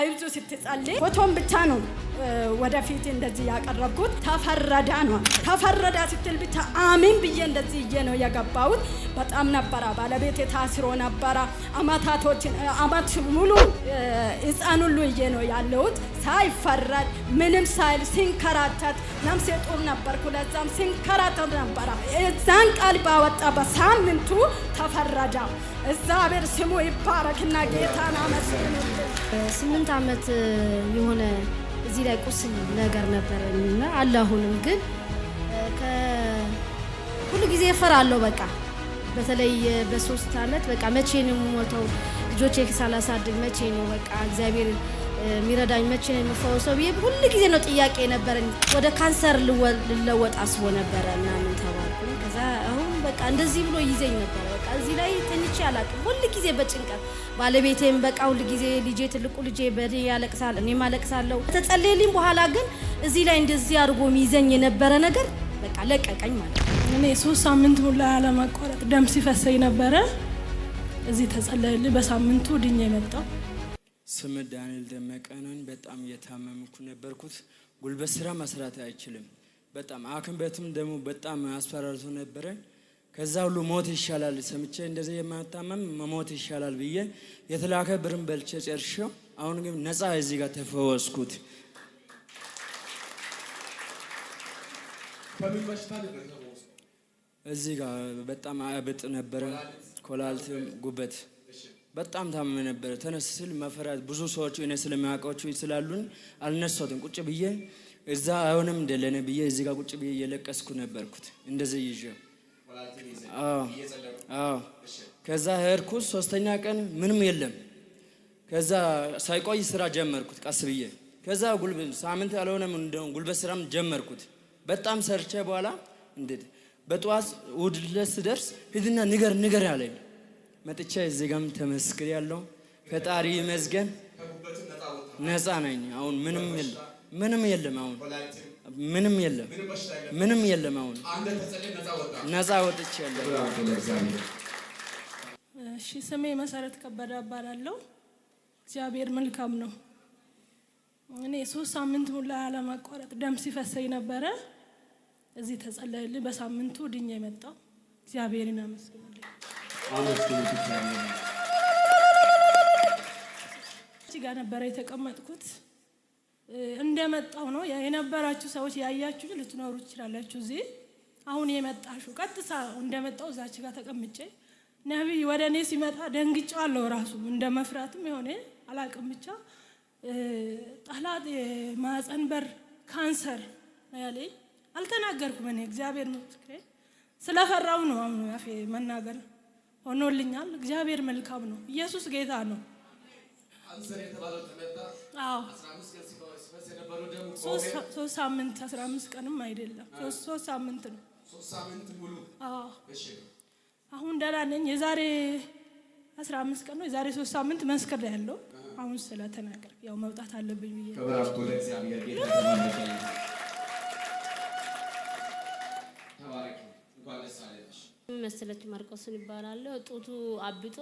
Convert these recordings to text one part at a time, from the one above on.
አይዞ ስትጸልይ ፎቶን ብቻ ነው ወደፊት እንደዚህ ያቀረብኩት። ተፈረዳ ነው ተፈረዳ ስትል ብቻ አሚን ብዬ እንደዚህ እየ ነው የገባሁት። በጣም ነበረ ባለቤት ታስሮ ነበረ። አማታቶችን አማት ሙሉ ሕፃን ሁሉ እዬ ነው ያለሁት። ሳይፈረድ ምንም ሳይል ሲንከራተት ነፍሴ ጡር ነበርኩ። ለዛም ሲንከራተት ነበረ። እዛን ቃል ባወጣ በሳምንቱ ተፈረዳ። እግዚአብሔር ስሙ ይባረክና ጌታን አመስግኑልን። ዓመት የሆነ እዚህ ላይ ቁስል ነገር ነበር ነበረ አለ። አሁንም ግን ሁሉ ጊዜ እፈራለሁ። በቃ በተለይ በሶስት ዓመት በቃ መቼ ነው የምሞተው? ልጆቼ ሳላሳድግ መቼ ነው በቃ እግዚአብሔር የሚረዳኝ መቼ ነው የምፈወሰው ብዬ ሁሉ ጊዜ ነው ጥያቄ ነበረኝ። ወደ ካንሰር ልለወጥ አስቦ ነበረ ምናምን ተባልኩ። ከዛ አሁን በቃ እንደዚህ ብሎ ይዘኝ ነበረ እዚህ ላይ ተኝቼ አላቅም። ሁል ጊዜ በጭንቀት ባለቤቴም በቃ ሁል ጊዜ ልጄ ትልቁ ልጄ በእኔ ያለቅሳል፣ እኔም አለቅሳለሁ። ተጸለየልኝ በኋላ ግን እዚህ ላይ እንደዚህ አድርጎ ሚይዘኝ የነበረ ነገር በቃ ለቀቀኝ ማለት ነው። እኔ ሶስት ሳምንት ሙላ ያለማቋረጥ ደም ሲፈሰኝ ነበረ። እዚህ ተጸለየልኝ፣ በሳምንቱ ድኜ የመጣው ስም ዳንኤል ደመቀንን በጣም እየታመምኩ ነበርኩት። ጉልበት ስራ መስራት አይችልም። በጣም አክም ቤትም ደግሞ በጣም አስፈራርቶ ነበረን። ከዛ ሁሉ ሞት ይሻላል ሰምቼ እንደዚህ የማታመም መሞት ይሻላል ብዬ የተላከ ብርን በልቼ ጨርሼው፣ አሁን ግን ነፃ እዚህ ጋር ተፈወስኩት። እዚህ ጋር በጣም አብጥ ነበረ፣ ኮላልት ጉበት በጣም ታመመ ነበረ። ተነስ ስል መፈራት ብዙ ሰዎች እኔ ስለሚያውቃቸው ስላሉን አልነሷትም። ቁጭ ብዬ እዛ አይሆንም እንደለነ ብዬ እዚህ ጋር ቁጭ ብዬ እየለቀስኩ ነበርኩት እንደዚህ ይዤ ከዛ ሄድኩት። ሶስተኛ ቀን ምንም የለም። ከዛ ሳይቆይ ስራ ጀመርኩት ቀስ ብዬ። ከዛ ሳምንት አልሆነም እንደውም ጉልበት ስራም ጀመርኩት። በጣም ሰርቼ በኋላ እንዴት በጠዋት እሑድ ዕለት ስደርስ ሂድና ንገር ንገር አለኝ። መጥቻ እዚህ ጋም ተመስክር ያለው ፈጣሪ ይመስገን ነፃ ነኝ። አሁን ምንም የለም ምንም የለም አሁን ምንም የለም፣ ምንም የለም። አሁን ነፃ ወጥቼ ያለው። እሺ፣ ስሜ መሰረት ከበደ እባላለሁ። እግዚአብሔር መልካም ነው። እኔ ሶስት ሳምንት ሙላ ያለማቋረጥ ደም ሲፈሰኝ ነበረ። እዚህ ተጸለየልኝ። በሳምንቱ ድኛ የመጣው እግዚአብሔርን አመስግናለሁ። ጋር ነበረ የተቀመጥኩት እንደመጣው ነው የነበራችሁ ሰዎች ያያችሁ ልትኖሩ ትችላላችሁ። እዚህ አሁን የመጣሹ ቀጥታ እንደመጣው እዛች ጋር ተቀምጬ ነቢይ ወደ እኔ ሲመጣ አለው ራሱ እንደ መፍራትም የሆነ አላቅም ብቻ ጠላት የማህፀን በር ካንሰር ያለኝ አልተናገርኩም። እኔ እግዚአብሔር ምስክሬ ስለፈራው ነው አሁን መናገር ሆኖልኛል። እግዚአብሔር መልካም ነው። ኢየሱስ ጌታ ነው። ሶስት ሳምንት አስራ አምስት ቀንም አይደለም ሶስት ሳምንት ነው። አሁን ደህና ነኝ። የዛሬ አስራ አምስት ቀን ነው የዛሬ ሶስት ሳምንት መስክር ያለው አሁን ስለተናገር ያው መውጣት አለብኝ ብዬ መሰለች ማርቆስን ይባላለሁ። ጡቱ አብጦ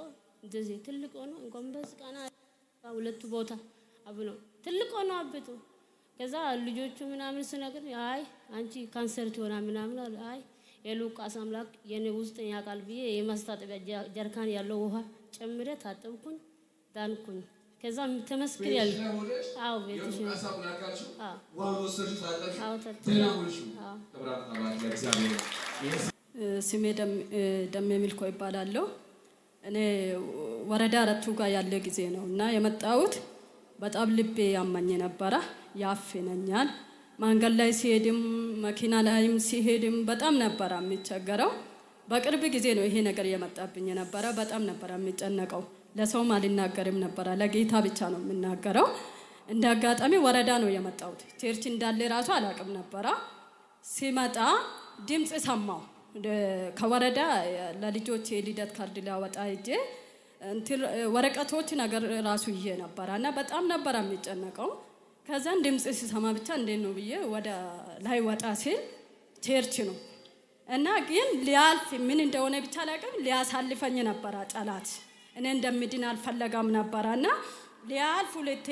እንደዚህ ትልቅ ሆኖ እንኳን ቀና ሁለቱ ቦታ አብኖ ትልቅ ነው አብጡ። ከዛ ልጆቹ ምናምን ስነግር አይ አንቺ ካንሰር ትሆና ምናምን አለ። አይ የሉቃስ አምላክ የኔ ውስጥ ያውቃል ብዬ የማስታጠቢያ ጀርካን ያለው ውሃ ጨምረ ታጠብኩኝ፣ ዳንኩኝ። ከዛ ተመስክር ያለ አዎ፣ ቤትሽ አዎ። ስሜ ደም የሚልኮ ይባላለሁ። እኔ ወረዳ አረቱ ጋር ያለ ጊዜ ነው እና የመጣሁት በጣም ልቤ ያመኝ ነበረ። ያፍነኛል። መንገድ ላይ ሲሄድም መኪና ላይም ሲሄድም በጣም ነበረ የሚቸገረው። በቅርብ ጊዜ ነው ይሄ ነገር የመጣብኝ ነበረ። በጣም ነበረ የሚጨነቀው። ለሰውም አልናገርም ነበረ፣ ለጌታ ብቻ ነው የምናገረው። እንደ አጋጣሚ ወረዳ ነው የመጣሁት። ቸርች እንዳለ ራሱ አላቅም ነበረ። ሲመጣ ድምፅ ሰማሁ። ከወረዳ ለልጆች የልደት ካርድ ሊያወጣ እጄ ወረቀቶች ነገር ራሱ ይዤ ነበረ እና በጣም ነበረ የሚጨነቀው። ከዛን ድምፅ ሲሰማ ብቻ እንዴት ነው ብዬ ወደ ላይ ወጣ ሲል ቸርች ነው እና ግን ሊያልፍ ምን እንደሆነ ብቻ ላቅም ሊያሳልፈኝ ነበረ ጠላት። እኔ እንደምድን አልፈለጋም ነበረ እና ሊያልፍ ሁለቴ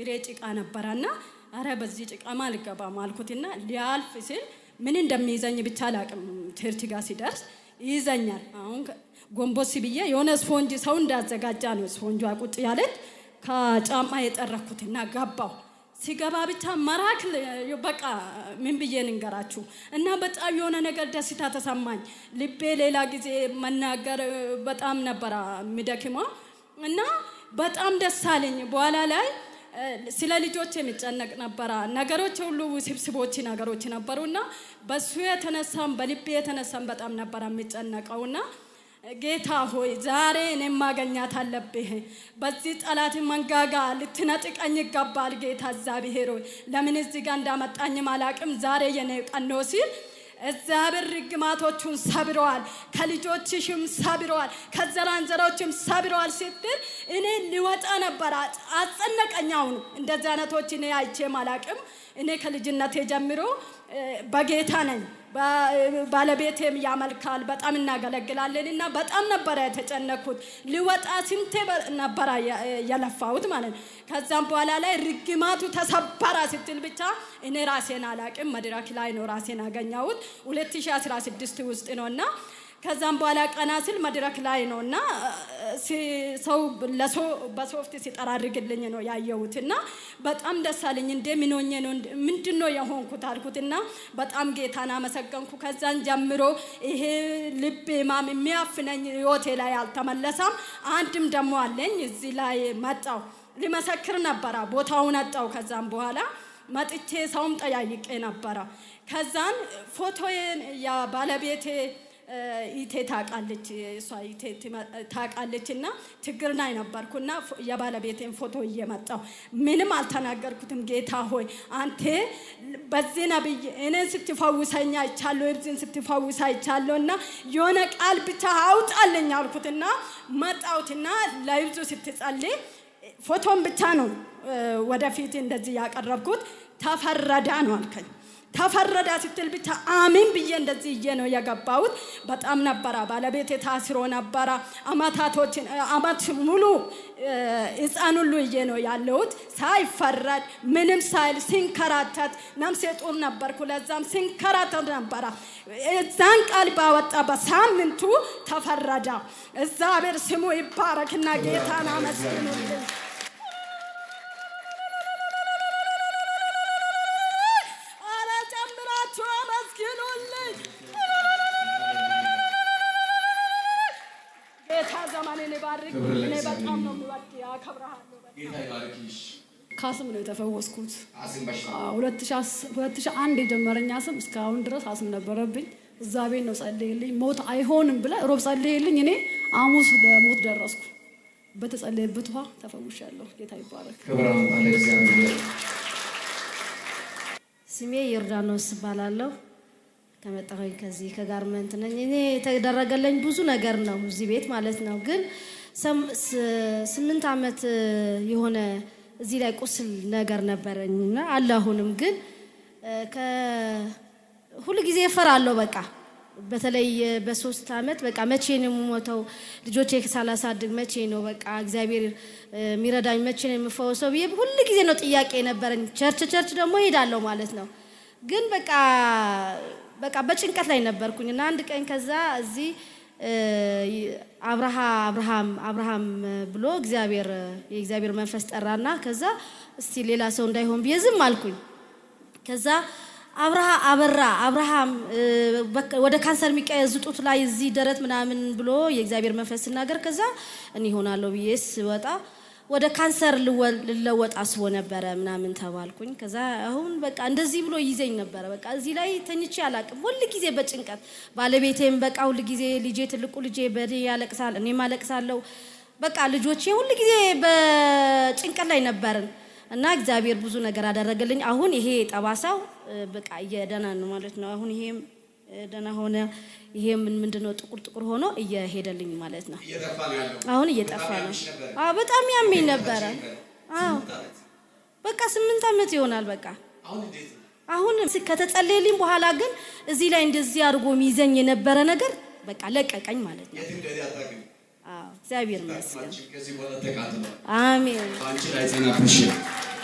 ግሬ ጭቃ ነበረ እና አረ በዚህ ጭቃማ አልገባም አልኩትና ሊያልፍ ሲል ምን እንደሚይዘኝ ብቻ አላቅም። ቸርች ጋር ሲደርስ ይይዘኛል። አሁን ጎንቦስ ብዬ የሆነ ስፖንጅ ሰው እንዳዘጋጃ ነው ስፖንጅ ቁጭ ያለች ከጫማ የጠረኩትና ገባው ሲገባ ብቻ መራክ በቃ ምን ብዬ ንንገራችሁ እና በጣም የሆነ ነገር ደስታ ተሰማኝ። ልቤ ሌላ ጊዜ መናገር በጣም ነበረ የሚደክመው እና በጣም ደስ አለኝ በኋላ ላይ ስለ ልጆች የሚጨነቅ ነበረ። ነገሮች ሁሉ ውስብስቦች ነገሮች ነበሩ ነበሩና በሱ የተነሳም በልቤ የተነሳም በጣም ነበረ የሚጨነቀው የሚጨነቀውና ጌታ ሆይ ዛሬ እኔ ማገኛት አለብህ። በዚህ ጠላት መንጋጋ ልትነጥቀኝ ይገባል። ጌታ እግዚአብሔር ሆይ ለምን እዚህ ጋር እንዳመጣኝም አላቅም። ዛሬ የኔ ቀን ነው ሲል እግዚአብሔር ርግማቶቹን ሰብረዋል፣ ከልጆችሽም ሰብረዋል፣ ከዘራንዘሮችም ሰብረዋል ስትል እኔ ልወጣ ነበር አጸነቀኝ። አሁኑ እንደዚህ አይነቶች እኔ አይቼም አላቅም። እኔ ከልጅነቴ ጀምሮ በጌታ ነኝ። ባለቤቴም ያመልካል በጣም እናገለግላለን እና በጣም ነበረ የተጨነኩት። ልወጣ ስንቴ ነበረ የለፋሁት ማለት ነው። ከዛም በኋላ ላይ ርግማቱ ተሰበራ ስትል ብቻ እኔ ራሴን አላቅም። መድረክ ላይ ነው ራሴን አገኘሁት 2016 ውስጥ ነው እና ከዛም በኋላ ቀና ስል መድረክ ላይ ነው እና ሰው በሶፍት ሲጠራርግልኝ ነው ያየሁት እና በጣም ደስ አለኝ። እንዴ ምን ሆኜ ነው ምንድን ነው የሆንኩት አልኩት እና በጣም ጌታን አመሰገንኩ። ከዛን ጀምሮ ይሄ ልብ ማም የሚያፍነኝ ህይወቴ ላይ አልተመለሰም። አንድም ደግሞ አለኝ እዚህ ላይ መጣው ሊመሰክር ነበረ። ቦታውን አጣው። ከዛም በኋላ መጥቼ ሰውም ጠያይቄ ነበረ። ከዛን ፎቶዬን ባለቤቴ ኢቴ ታውቃለች እሷ ኢቴ ታውቃለች። እና ችግር ላይ ነበርኩና የባለቤቴን ፎቶ እየመጣሁ ምንም አልተናገርኩትም። ጌታ ሆይ አንቴ በዚህ ነብይ እኔን ስትፈውሰኝ አይቻለሁ፣ ስትፈውስ አይቻለሁ። እና የሆነ ቃል ብቻ አውጣልኝ አልኩትና መጣሁትና ስትጸልይ ፎቶን ብቻ ነው ወደፊት እንደዚህ ያቀረብኩት ነው አልከኝ። ተፈረዳ ስትል ብቻ አሚን ብዬ እንደዚህ እዬ ነው የገባሁት። በጣም ነበራ ባለቤቴ ታስሮ ነበረ። አማታቶችን አማት ሙሉ ህፃን ሁሉ እዬ ነው ያለሁት። ሳይፈረድ ምንም ሳይል ሲንከራተት ነፍሴ ጡር ነበርኩ። ለዛም ሲንከራተት ነበረ። እዛን ቃል ባወጣ በሳምንቱ ተፈረዳ። እግዚአብሔር ስሙ ይባረክና ጌታን አመስግኑልኝ። ስለምታደርግ እኔ በጣም ነው አከብርሃለሁ። ከአስም ነው የተፈወስኩት። ሁለት ሺህ አንድ የጀመረኝ አስም እስካሁን ድረስ አስም ነበረብኝ። እዛ ቤት ነው ጸልይልኝ፣ ሞት አይሆንም ብለህ ሮብ ጸልይልኝ። እኔ አሙስ ለሞት ደረስኩ። በተጸለየበት ውሃ ተፈውሻለሁ። ጌታ ይባረክ። ስሜ ዮርዳኖስ እባላለሁ። ከመጣሁ ከዚህ ከጋርመንት ነኝ። እኔ የተደረገለኝ ብዙ ነገር ነው እዚህ ቤት ማለት ነው ግን ስምንት ዓመት የሆነ እዚህ ላይ ቁስል ነገር ነበረኝና አለ አሁንም ግን ሁሉ ጊዜ እፈራለሁ። በቃ በተለይ በሶስት ዓመት በቃ መቼ ነው የምሞተው? ልጆቼ ሳላሳድግ መቼ ነው በቃ እግዚአብሔር የሚረዳኝ መቼ ነው የምፈወሰው ብዬ ሁሉ ጊዜ ነው ጥያቄ የነበረኝ። ቸርች ቸርች ደግሞ እሄዳለሁ ማለት ነው። ግን በቃ በቃ በጭንቀት ላይ ነበርኩኝ እና አንድ ቀን ከዛ እዚህ አብርሃ አብርሃም አብርሃም ብሎ እግዚአብሔር የእግዚአብሔር መንፈስ ጠራና ከዛ እስቲ ሌላ ሰው እንዳይሆን ብዬ ዝም አልኩኝ። ከዛ አብርሃ አበራ አብርሃም ወደ ካንሰር የሚቀየዝ ጡት ላይ እዚህ ደረት ምናምን ብሎ የእግዚአብሔር መንፈስ ሲናገር ከዛ እኔ ሆናለሁ ብዬ ስወጣ ወደ ካንሰር ልለወጥ አስቦ ነበረ ምናምን ተባልኩኝ። ከዛ አሁን በቃ እንደዚህ ብሎ ይዘኝ ነበረ። በቃ እዚህ ላይ ተኝቼ አላቅም፣ ሁል ጊዜ በጭንቀት ባለቤቴም በቃ ሁል ጊዜ ልጄ፣ ትልቁ ልጄ በእኔ ያለቅሳል፣ እኔም አለቅሳለሁ። በቃ ልጆቼ ሁል ጊዜ በጭንቀት ላይ ነበርን እና እግዚአብሔር ብዙ ነገር አደረገልኝ። አሁን ይሄ ጠባሳው በቃ እየደና ነው ማለት ነው። አሁን ይሄም ደህና ሆነ። ይሄ ምን ምንድን ነው? ጥቁር ጥቁር ሆኖ እየሄደልኝ ማለት ነው። አሁን እየጠፋ ነው። አዎ በጣም ያመኝ ነበረ። አዎ በቃ ስምንት ዓመት ይሆናል። በቃ አሁን ከተጸለየልኝ በኋላ ግን እዚህ ላይ እንደዚህ አድርጎ ሚይዘኝ የነበረ ነገር በቃ ለቀቀኝ ማለት ነው። እግዚአብሔር ይመስገን። አሜን።